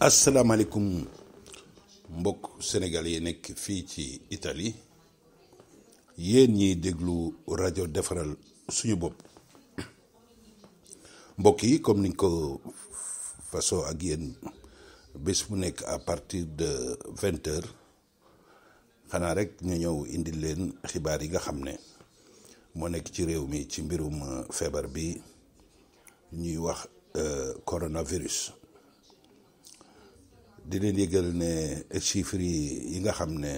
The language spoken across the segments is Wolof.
asalaamaaleykum alaikum mbok sénégalais nek fi ci Italie yéen ñiy déglu radio defaral suñu bop mbok yi comme niñ ko façon ak yéen bés bu nek à partir de 20h xana rek ñu ñëw indi leen xibaar yi nga xam ne moo nekk ci réew mi ci mbirum feebar bi ñuy wax euh, coronavirus di leen yëgal ne chiffres yi nga xam ne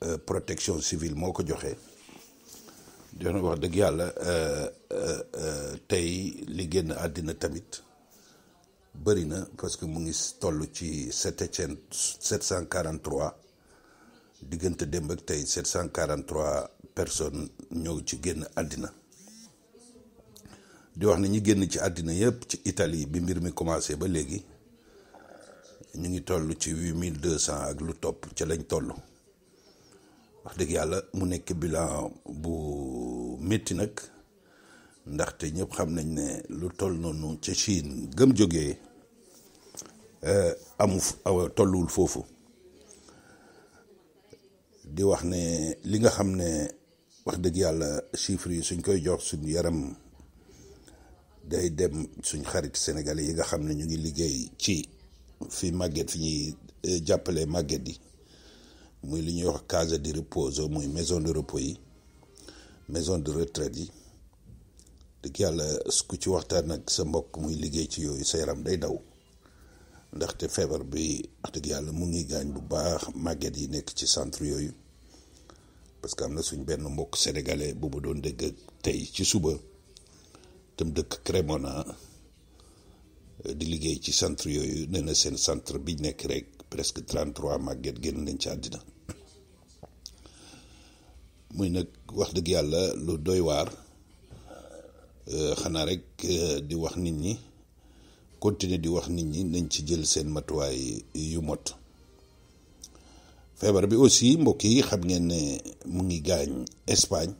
euh, protection civile moo ko joxe jox wax dëgg yàlla euh, euh, tey li génn àddina tamit bëri na parce que mu ngi toll ci sept cent quarante trois diggante démb ak tey sept cent quarante trois personnes ñoo ci génn àddina di wax ne ñi génn ci àddina yépp ci Italie bi mbir mi commencé ba léegi ñu ngi toll ci 8200 ak lu topp ci lañ toll wax dëgg yàlla mu nekk bilan bu métti nag ndaxte ñëpp xam nañ ne lu toll noonu ca Chine gëm jógee eh, amu tollul foofu di wax ne li nga xam ne wax dëgg yàlla chiffres yi suñ koy jox suñ yaram day dem suñ xarit sénégalais yi nga xam ne ñu ngi liggéey ci fii màgget fi ñuy eh, jàppale màgget yi muy li ñuy wax case de repos muy maison de repos yi maison de retraite yi dëgg yàlla ku ci waxtaan ak sa mbokk muy liggéey ci yooyu sa yaram day daw ndaxte feebar bi wax dëgg yàlla mu ngi gaañ bu baax màgget yi nekk ci centre yooyu parce que am na suñ benn mbokk sénégalais bu mu doon dégg tey ci suba tam dëkk Crémona di liggéey ci centre yooyu nee na seen centre bi nekk rek presque 33 màgget génn nañ ci àddina muy nag wax dëgg yàlla lu doy waar euh, xanaa rek euh, di wax nit ñi continuer di wax nit ñi nañ ci jël seen matuwaay yu mot feebar bi aussi mbokk yi xam ngeen ne mu ngi gaañ Espagne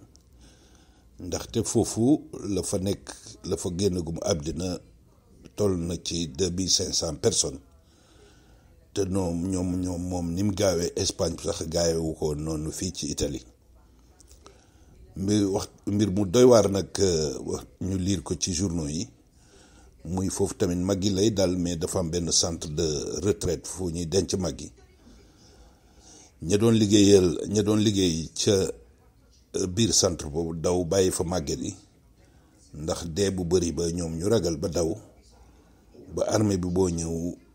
ndaxte foofu la fa nekk la fa génn gum àddina toll na ci deux mille cent personnes te ñoom ñoom ñoom moom ni mu gaawee Espagne sax gaawewu ko noonu fii ci Italie mbir wax mbir mu doy waar nag euh, ñu liir ko ci journaux yi muy foofu tamit mag yi lay daal mais dafa am benn centre de retraite fu ñuy denc mag yi ña doon liggéeyal ña doon liggéey ca euh, biir centre boobu daw bàyyi fa màgget yi ndax dee bu bëri ba ñoom ñu ragal ba daw ba armée bi boo ñëw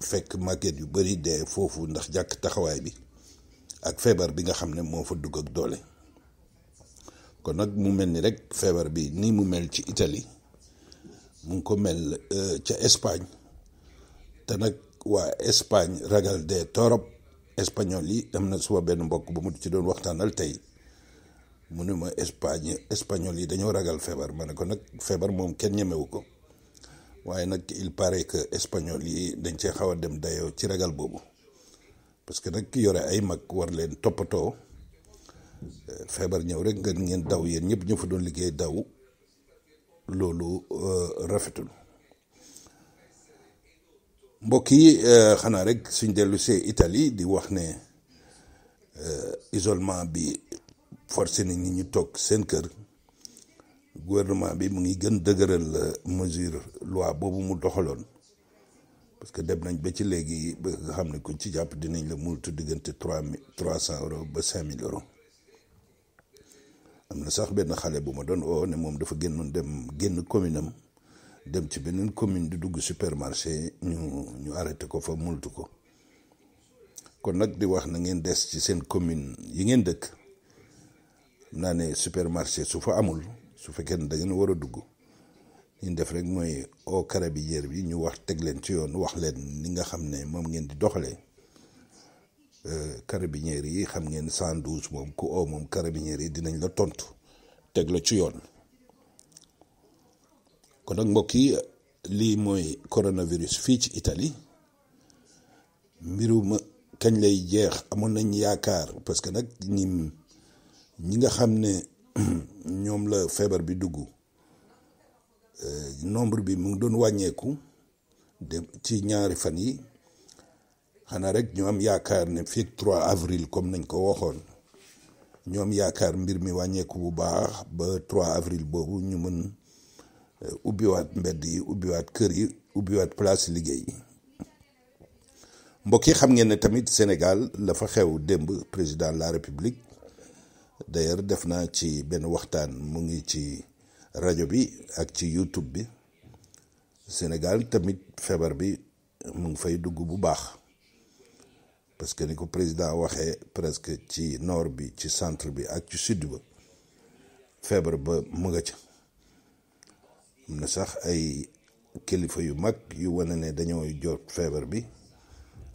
fekk maquette yu bari dee foofu ndax jàkk taxawaay bi ak feebar bi nga xam ne moo fa dugg ak doole kon nag mu mel ni rek feebar bi nii mu mel ci Italie mu ngi ko mel euh, ca Espagne te nag waa Espagne ragal dee torop espagnol yi am na suba benn mbokk bu mu du ci doon waxtaanal tey mu ne ma Espagne espagnol yi dañoo ragal feebar ma ne ko nag feebar moom kenn ñemewu ko waaye nag il paraît que espagnol yi dañ cee xaw a dem dayoo ci ragal boobu parce que nag yore ay mag war leen toppatoo euh, feebar ñëw rek nga ngeen daw yéen ñëpp ñu fa doon liggéey daw loolu euh, rafetul mbokk yi euh, xanaa rek suñ dellu see Italie di wax ne isolement bi forcé na ñi ñu toog seen kër. gouvernement bi mu ngi gën dëgëral euh, mesure loi boobu mu doxaloon parce que dem nañ ba ci léegi ba nga xam ne kuñ ci jàpp dinañ la multu diggante trois mille trois cent euros ba cinq mille euros am na sax benn xale bu ma doon oo ne moom dafa génnoon dem génn commune am dem ci benn commune di dugg supermarché ñu ñu arrêté ko fa multu ko kon nag di wax na ngeen des ci seen commune yi ngeen dëkk naa ne supermarché su fa amul su fekkee ne da ngeen war a dugg li ñu def rek mooy au carabinier bi ñu wax teg leen ci yoon wax leen ni nga xam ne moom ngeen di doxalee euh, carabinier yi xam ngeen 112 moom ku oo moom carabinier yi dinañ la tontu teg la ci yoon kon nag mbokk yi lii mooy coronavirus fii ci Italie mbirum kañ lay jeex amoon nañ yaakaar parce que nag ñi ñi nga xam ne. ñoom la feebar bi dugg eh, nombre bi mu ngi doon wàññeeku dem ci ñaari fan yi xanaa rek ñoo am yaakaar ne fii 3 avril comme nañ ko waxoon ñoom yaakaar mbir mi wàññeeku bu baax ba trois avril boobu ñu mën eh, ubbiwaat mbedd yi ubbiwaat kër yi ubbiwaat place liggéey yi mbokk yi xam ngeen ne tamit Sénégal la fa xew démb président la République. d'ailleurs def naa ci benn waxtaan mu ngi ci rajo bi ak ci YouTube bi Sénégal tamit feebar bi mu ngi fay dugg bu baax parce que ni ko président waxee presque ci noor bi ci centre bi ak ci sud ba feebar ba mu nga ca am na sax ay kilifa yu mag yu wane ne dañoo jot feebar bi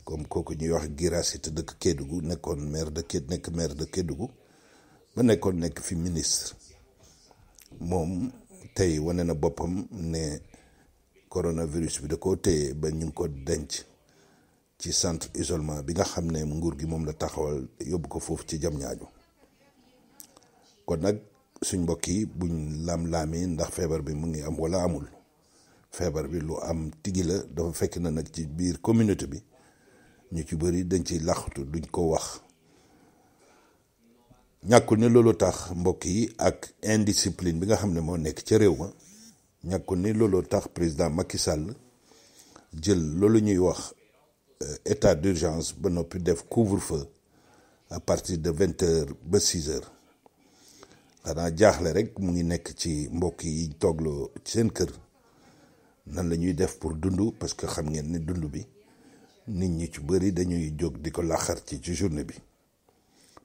comme kooku ñuy wax Guirassy te dëkk Kédougou nekkoon maire de Kéd nekk maire de Kédougou ba nekkoon nekk fi ministre moom tey wane na boppam ne coronavirus bi da koo téye ba ñu ko denc ci centre isolement bi nga xam ne nguur gi moom la taxawal yóbbu ko foofu ci jam ñaajo kon nag suñ mbokk yi buñ laam-laami ndax feebar bi mu ngi am wala amul feebar bi lu am tigi la dafa fekk na nag ci biir communauté bi ñu ci bëri dañ ciy laxatu duñ ko wax ñàkkul ni loolu tax mbokk yi ak indiscipline bi nga xam ne moo nekk ca réew ma ñàkkul ni looloo tax président Macky Sall jël loolu ñuy wax euh, état d'urgence ba noppi def couvre-feu à partir de vingt heures ba six heures xanaa jaaxle rek mu ngi nekk ci mbokk yi toogloo ci seen kër nan la ñuy def pour dund parce que xam ngeen ni dundu bi nit ñi ci bëri dañuy jóg di ko laxar ci ci journée bi.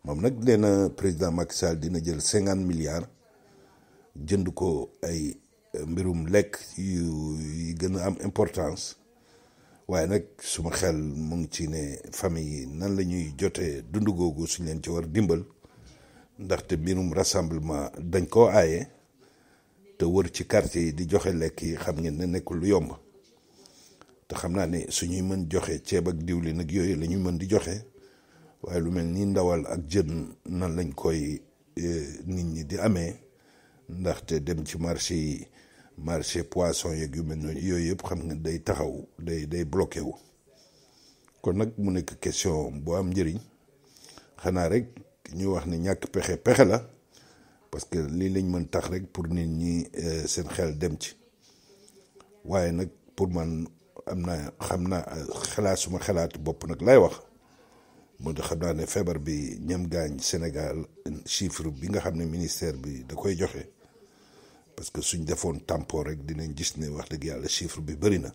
moom nag nee na président Macky Sall dina jël cinquante milliards jënd ko ay euh, mbirum lekk yu yi gën a am importance waaye nag suma xel mu ci ne famille yi nan la ñuy jotee dund googu suñ leen ci war dimbal ndaxte mbirum rassemblement dañ koo aaye te wër ci quartier yi di joxe lekk yi xam ngeen ne nekkul lu yomb te xam naa ne suñuy mën joxe ceeb ak diwlin ak yooyu la ñuy mën di joxe. waaye lu mel nii ndawal ak jën nan lañ koy e, nit ñi di amee ndaxte dem ci marché yi marché poisson yeeg yu mel noonu yooyu yëpp xam nga day taxaw day day bloqué wu kon nag mu nekk question boo am njëriñ xanaa rek ñuy wax ni ñàkk pexe pexe la parce que lii lañ mën tax rek pour nit ñi e, seen xel dem ci waaye nag pour man am naa xam naa xalaat suma xalaatu bopp nag laay wax mu xam naa ne feebar bi ñam gaañ Sénégal chiffre bi nga xam ne ministère bi da koy joxe parce que suñ defoon tampon rek dinañ gis ne wax dëgg yàlla chiffre bi bëri na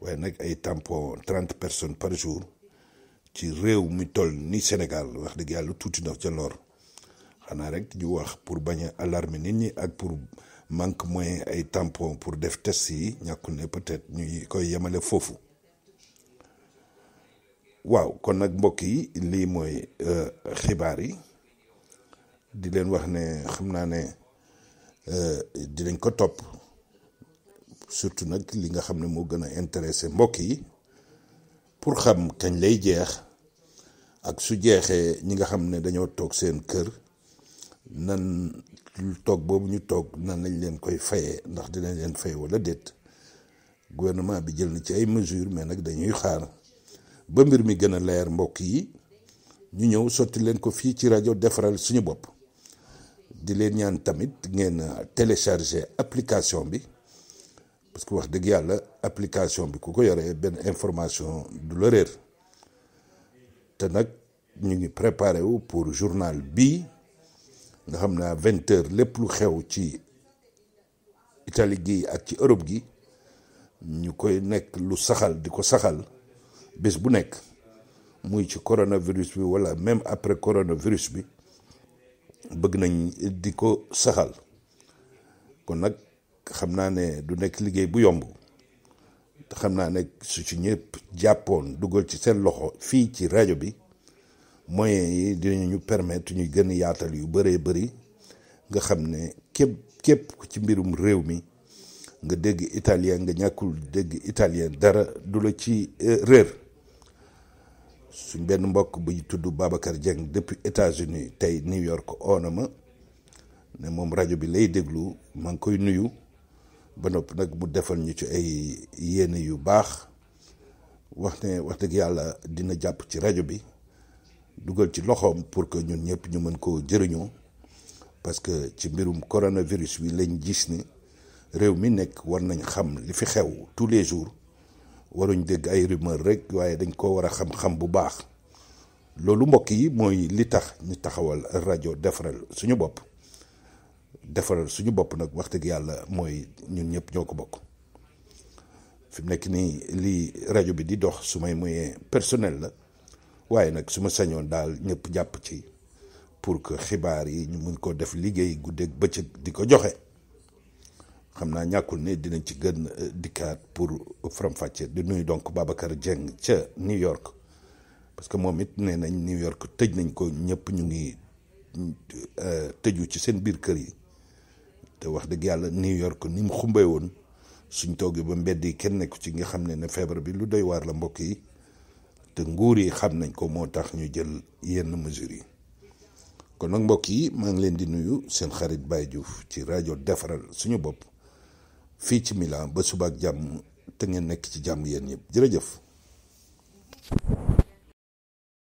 waaye nag ay tampon trente personnes par jour ci réew mi toll ni Sénégal wax dëgg yàlla tuuti na ca lor xanaa rek ñu wax pour bañ a alarmer nit ñi ak pour manque moyen ay tampon pour def test yi ñàkkul ne peut-être ñuy koy yemale foofu. waaw kon nag mbokk yi lii mooy euh, xibaar yi di leen wax ne xam naa ne euh, dinañ ko topp surtout nag li nga xam ne moo gën a intéressé mbokk yi pour xam kañ lay jeex ak su jeexee ñi nga xam ne dañoo toog seen kër nan toog boobu ñu toog nan lañ leen koy fayee ndax dinañ leen faye wala déet gouvernement bi jël na ci ay mesures mais nag dañuy xaar. ba mbir mi gën a leer mbokk yi ñu ñëw sotti leen ko fii ci rajo defaral suñu bopp di leen ñaan tamit ngeen télécharger application bi parce que wax dëgg yàlla application bi ku ko yoree benn information du la réer te nag ñu ngi préparé wu pour journal bii nga xam naa vingt heures lépp lu xew ci Italie gi ak ci Europe gi ñu koy nekk lu saxal di ko saxal bés bu nekk muy ci coronavirus bi wala même après coronavirus bi bëgg nañ di ko saxal kon nag xam naa ne du nekk liggéey bu yomb te xam naa ne su ci ñëpp jàppoon dugal ci seen loxo fii ci rajo bi moyens yi ñu permettre ñuy gën yaatal yu bëree bari nga xam ne képp képp ci mbirum réew mi nga dégg italien nga ñàkkul dégg italien dara du la ci euh, réer suñ benn mbokk buy tudd Babacar Dieng depuis États-Unis tey New York oona ma ne moom rajo bi lay déglu maa ngi koy nuyu ba noppi nag mu defal ñu ci ay yéene yu baax wax ne wax dëgg yàlla dina jàpp ci rajo bi dugal ci loxoom pour que ñun ñëpp ñu mën koo jëriñoo parce que ci mbirum coronavirus bi lañ gis ni réew mi nekk war nañ xam li fi xew tous les jours waruñ dégg ay rumeur rek waaye dañ ko war a xam-xam bu baax loolu mbokk yi mooy li tax ñu taxawal rajo defaral suñu bopp defaral suñu bopp nag wax dëgg yàlla mooy ñun ñëpp ñoo ko bokk fi mu nekk nii lii rajo bi di dox su may moyen personnel la waaye nag suma ma sañoon daal ñëpp jàpp ci pour que xibaar yi ñu mun ko def liggéey guddeeg bëccëg di ko joxe xam naa ñàkkul ne dinañ ci gën euh, dikkaat pour faram-fàcce di nuyu donc Babacar Dieng ca New York parce que moom it nee nañ New York tëj nañ ko ñëpp ñu ngi euh, tëju ci seen biir kër yi te wax dëgg yàlla New York ni mu xumbee woon suñ toogee ba mbedd yi kenn nekku ci nga xam ne ne feebar bi lu doy waar la mbokk yi te nguur yi xam nañ ko moo tax ñu jël yenn mesures yi kon nag mbokk yi maa ngi leen di nuyu seen xarit Baye Diouf ci rajo defaral suñu bopp. fii ci Milan ba suba ak jàmm te ngeen nekk ci jàmm yéen ñëpp jërëjëf.